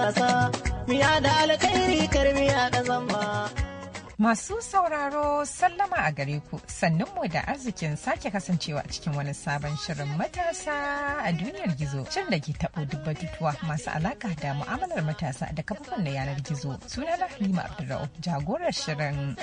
kasa miya da alkhairi karmiya da zamba Masu sauraro sallama a gare ku mu da arzikin sake kasancewa cikin wani sabon shirin matasa a duniyar gizo shirin da ke taɓo dubba batutuwa masu alaka da mu'amalar matasa da kafafen na yanar gizo suna na Halima Abdulra'u jagorar shirin.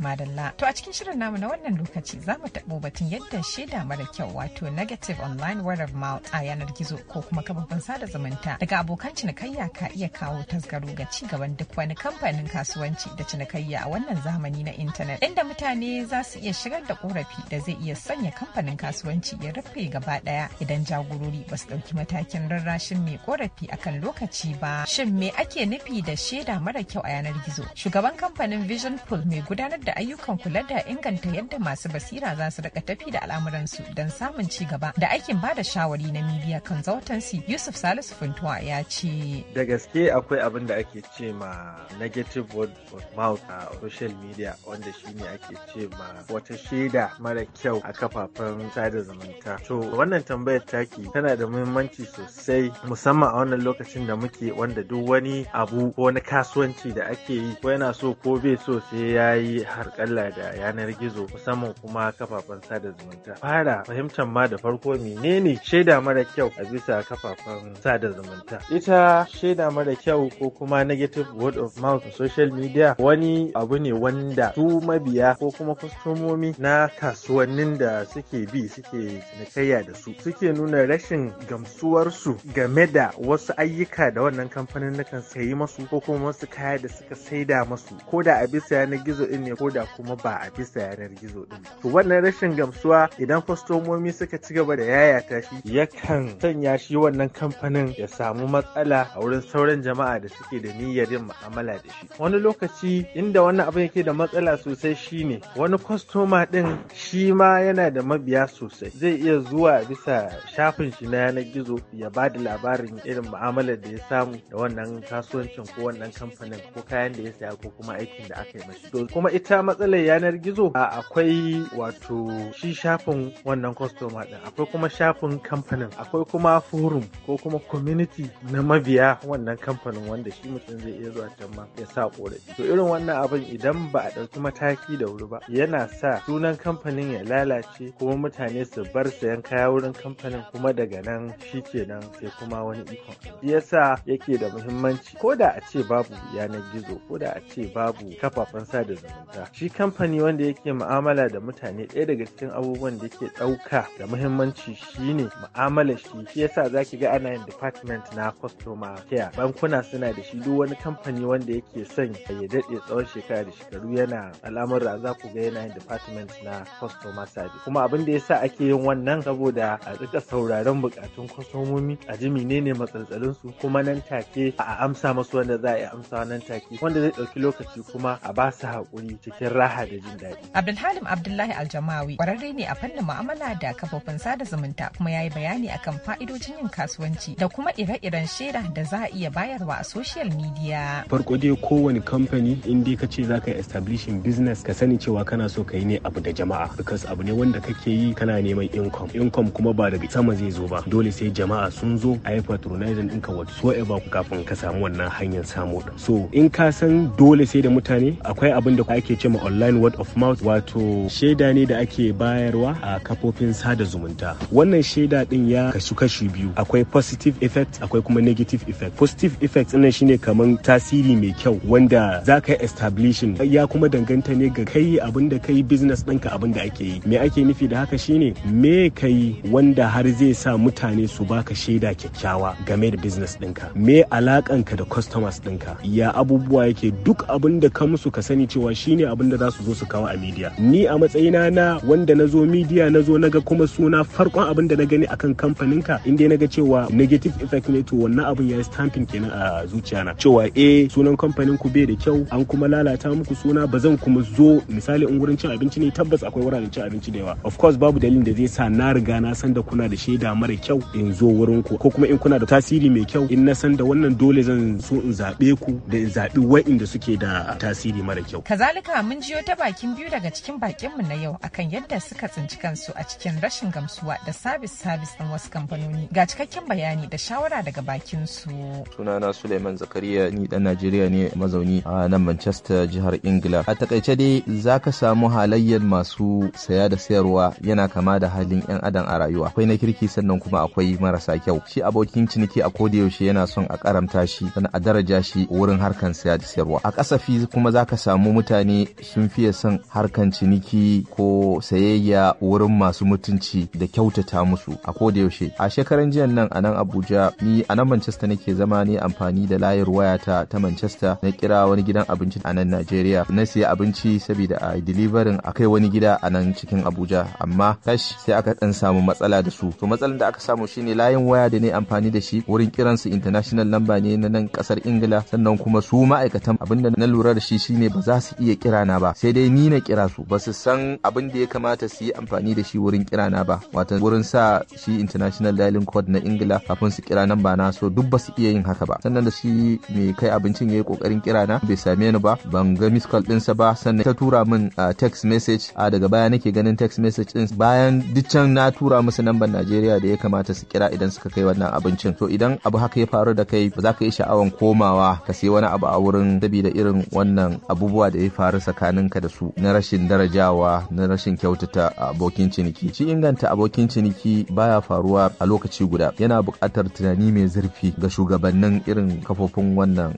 Madalla to a cikin shirin namu na wannan lokaci za mu taɓo batun yadda shaida mara kyau wato negative online word of mouth a yanar gizo ko kuma kafafen sada zumunta daga abokan cinikayya ka iya kawo tasgaro ga ci gaban duk wani kamfanin kasuwanci da cinikayya a wannan zamani na intanet inda mutane za su iya shigar da korafi da zai iya sanya kamfanin kasuwanci ya rufe gaba daya idan jagorori ba su dauki matakin rarrashin mai korafi akan lokaci ba shin me ake nufi da shaida mara kyau a yanar gizo shugaban kamfanin vision pool mai gudanar da ayyukan kula da inganta yadda masu basira za su rika tafi da al'amuransu don samun ci gaba da aikin ba da shawari na media consultancy yusuf salisu funtuwa ya ce gaske akwai abin da ake ce ma negative word of mouth a social media wanda shi ne ake ce ma wata shaida mara kyau a kafafen sada zumunta to wannan tambayar taki tana da muhimmanci sosai musamman a wannan lokacin da muke wanda duk wani abu ko wani kasuwanci da ake yi ko yana so ko bai so sai ya yi harkalla da yanar gizo musamman kuma kafafen sada zumunta fara fahimtar ma da farko menene shaida mara kyau a bisa kafafen sada zumunta ita shaida shaida mara kyau ko kuma negative word of mouth a social media wani abu ne wanda su mabiya ko kuma kwastomomi na kasuwannin da suke bi suke cinikayya da su suke nuna rashin gamsuwarsu game da wasu ayyuka da wannan kamfanin kan sayi masu ko kuma wasu kaya da suka saida masu ko da a bisa yanar gizo din ne ko da kuma ba a bisa yanar gizo din to wannan rashin gamsuwa idan kwastomomi suka ci gaba da yayata shi yakan sanya shi wannan kamfanin ya samu matsala a wurin wurin sauran jama'a da suke da niyyar yin mu'amala da shi wani lokaci inda wannan abin yake da matsala sosai shine wani kwastoma din shi ma yana da mabiya sosai zai iya zuwa bisa shafin shi na yanar gizo ya ba da labarin irin mu'amalar da ya samu da wannan kasuwancin ko wannan kamfanin ko kayan da ya saya ko kuma aikin da aka yi mashi to kuma ita matsalar yanar gizo akwai wato shi shafin wannan kwastoma din akwai kuma shafin kamfanin akwai kuma forum ko kuma community na mabiya wannan kamfanin wanda shi mutum zai iya zuwa can ma ya sa ƙorafi, to irin wannan abin idan ba a ɗauki mataki da wuri ba yana sa sunan kamfanin ya lalace kuma mutane su bar sayan kaya wurin kamfanin kuma daga nan shi ke nan sai kuma wani ikon shi yasa yake da muhimmanci ko da a ce babu yanar gizo ko da a ce babu kafafen sada zumunta shi kamfani wanda yake mu'amala da mutane ɗaya daga cikin abubuwan da yake ɗauka da muhimmanci shine mu'amalar shi shi yasa zaki ga ana yin department na customer taya bankuna suna da shi duk wani kamfani wanda yake son ya daɗe tsawon shekara da shekaru yana al'amura za ku ga yana department na customer service kuma abin da yasa ake yin wannan saboda a tsaka sauraron bukatun kwastomomi a ji menene matsaltsalin su kuma nan take a amsa masu wanda za a yi amsa nan take wanda zai ɗauki lokaci kuma a ba su haƙuri cikin raha da jin daɗi. Abdulhalim Abdullahi Aljamawi ƙwararre ne a fannin mu'amala da kafofin sada zumunta kuma ya yi bayani akan fa'idojin yin kasuwanci da kuma ire-iren shaida da za iya bayarwa a social media farko dai kowane kamfani in dai ka ce za ka yi establishing business ka sani cewa kana so ka yi ne abu da jama'a because abu ne wanda kake yi kana neman income income kuma ba daga sama zai zo ba dole sai jama'a sun zo a yi patronizing ɗinka whatsoever kafin ka samu wannan hanyar samu da. so in ka san dole sai da mutane akwai abin da ake ce ma online word of mouth wato shaida ne da ake bayarwa a kafofin sada zumunta wannan shaida ɗin ya kashi kashi biyu akwai positive effect akwai kuma negative effect positive effects ɗin shine kaman tasiri mai kyau wanda za ka yi establishing ya kuma danganta ne ga kai abin da kai business ɗinka abin da ake yi me ake nufi da haka shine me kai wanda har zai sa mutane su baka shaida kyakkyawa game da business ɗinka me alakanka da customers ɗinka ya abubuwa yake duk abin da ka musu ka sani cewa shine abin da za su zo su kawo a media ni a matsayina na wanda na zo media na zo na ga kuma suna farkon abin da na gani akan kamfaninka inda na ga cewa negative effect ne to wannan abin ya yi stamping kenan a zuciya cewa eh sunan kamfanin ku bai da kyau an kuma lalata muku suna ba zan kuma zo misali in wurin cin abinci ne tabbas akwai wuraren cin abinci da yawa of course babu dalilin da zai sa na riga na san da kuna da shaida mara kyau in zo wurin ku ko kuma in kuna da tasiri mai kyau in na san da wannan dole zan so in zabe ku da in zaɓi wa'inda suke da tasiri mara kyau. Kazalika mun jiyo ta bakin biyu daga cikin bakin mu na yau akan yadda suka tsinci kansu a cikin rashin gamsuwa da sabis sabis din wasu kamfanoni ga cikakken bayani da shawara daga bakin su. sunana Suleiman Zakariya ni dan Najeriya ne mazauni a nan Manchester jihar Ingila. A takaice dai ka samu halayyar masu saya da sayarwa yana kama da halin yan adam a rayuwa. Akwai na kirki sannan kuma akwai marasa kyau. Shi abokin ciniki a koda yaushe yana son a karamta shi sannan a daraja shi wurin harkan saya da sayarwa. A kasafi kuma zaka samu mutane sun fiye son harkan ciniki ko sayayya wurin masu mutunci da kyautata musu a koda yaushe. A shekaran jiyan nan a nan Abuja ni a nan Manchester nake zama zama ne amfani da layar waya ta ta Manchester na kira wani gidan abinci a nan Najeriya na siya abinci saboda a deliverin a kai wani gida a nan cikin Abuja amma kash sai aka dan samu matsala da su to matsalan da aka samu shine layin waya da ne amfani da shi wurin su international number ne na nan kasar Ingila sannan kuma su ma'aikatan abinda na lura da shi shine ba za su iya kira na ba sai dai ni na kira su ba su san abin da ya kamata su yi amfani da shi wurin kira na ba wato wurin sa shi international dialing code na Ingila kafin su kira nan na so duk ba su iya iya yin haka ba sannan da shi mai kai abincin ya yi kokarin kira na bai same ni ba ban ga miss call ɗinsa ba sannan ta tura min text message a daga baya nake ganin text message ɗin bayan dukkan na tura musu namban Najeriya da ya kamata su kira idan suka kai wannan abincin to idan abu haka ya faru da kai ba za ka yi sha'awan komawa ka sai wani abu a wurin sabida irin wannan abubuwa da ya faru tsakanin ka da su na rashin darajawa na rashin kyautata abokin ciniki shi inganta abokin ciniki baya faruwa a lokaci guda yana buƙatar tunani mai zurfi ga shugaba shugabannin irin kafofin wannan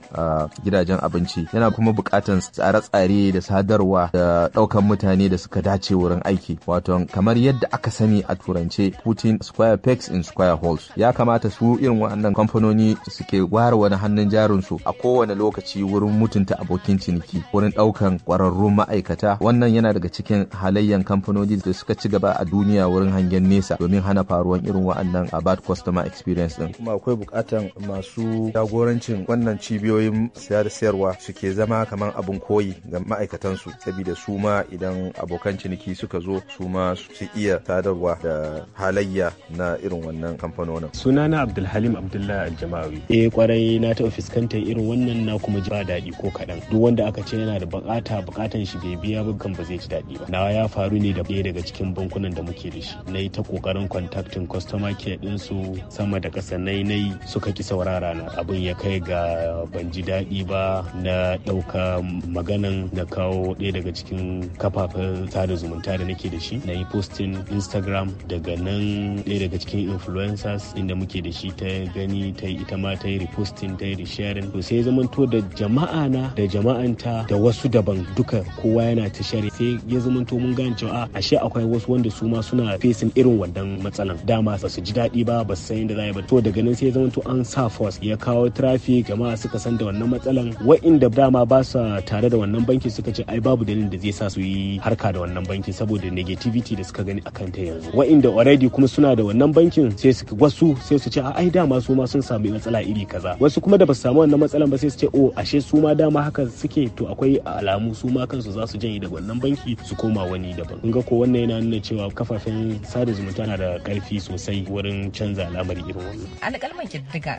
gidajen abinci yana kuma bukatar tsare-tsare da sadarwa da ɗaukan mutane da suka dace wurin aiki wato kamar yadda aka sani a turance putin square pegs in square holes ya kamata su irin wannan kamfanoni suke ware wani hannun jarin su a kowane lokaci wurin mutunta abokin ciniki wurin ɗaukan ƙwararrun ma'aikata wannan yana daga cikin halayyan kamfanoni da suka ci gaba a duniya wurin hangen nesa domin hana faruwar irin a bad customer experience din kuma akwai bukatan masu su jagorancin wannan cibiyoyin siya da sayarwa suke zama kamar abin koyi ga ma'aikatansu saboda su ma idan abokan ciniki suka zo su ma su iya sadarwa da halayya na irin wannan kamfanonin. Sunana Abdulhalim Abdullahi Aljamawi. Eh kwarai na taɓa fuskantar irin wannan na kuma ji ba daɗi ko kaɗan. Duk wanda aka ce yana da bukata bukatan shi bai biya ba kan ba zai ji daɗi ba. Na ya faru ne da ɗaya daga cikin bankunan da muke da shi. Na yi ta ƙoƙarin kwantaktin customer care ɗinsu sama da ƙasa na yi suka ki saurara rana abin ya kai ga ban ji daɗi ba na ɗauka maganan na kawo ɗaya daga cikin kafafen sada zumunta da nake da shi na yi postin instagram daga nan ɗaya daga cikin influencers inda muke da shi ta gani ta ita ma ta yi reposting ta yi resharing to sai to da jama'a na da jama'anta da wasu daban duka kowa yana ta share sai ya to mun gane cewa ah, ashe akwai wasu wanda su ma suna fesin irin wannan matsalan dama ba su ji daɗi ba ba su san yadda za a yi ba to daga nan sai to an sa for ecowas ya kawo traffic jama'a suka san da wannan matsalan wa'inda dama ba sa tare da wannan bankin suka ce ai babu dalilin da zai sa su yi harka da wannan bankin saboda negativity da suka gani akan ta yanzu wa'inda already kuma suna da wannan bankin sai su wasu sai su ce ai dama su ma sun samu matsala iri kaza wasu kuma da ba su samu wannan matsalan ba sai su ce o oh, ashe su ma dama haka suke to akwai alamu su ma kansu za su janye daga wannan banki su koma wani daban kun ga ko wannan yana nuna cewa kafafen sada zumunta na da karfi sosai wurin canza al'amari irin wannan alƙalman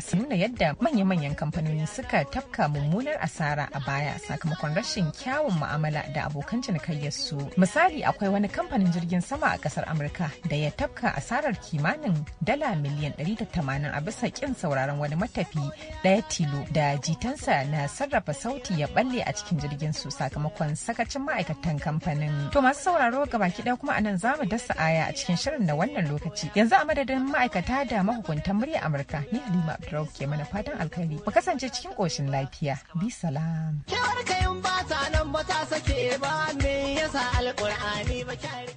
sun nuna yadda manya-manyan kamfanoni suka tafka mummunar asara a baya sakamakon rashin kyawun mu'amala da abokan cinikayyarsu. Misali akwai wani kamfanin jirgin sama a kasar Amurka da ya tafka asarar kimanin dala miliyan 180 a bisa kin sauraron wani matafi daya tilo da jitansa na sarrafa sauti ya balle a cikin jirgin su sakamakon sakacin ma'aikatan kamfanin. To masu sauraro baki ɗaya kuma anan zamu dasa aya a cikin shirin na wannan lokaci. Yanzu a madadin ma'aikata da mahukuntan murya Amurka ni Halima Abdurrahman mana fatan alkhairi mu kasance cikin koshin lafiya bi salam kyawar kayan ba ta nan ba ta sake ba me yasa alkur'ani ba kyare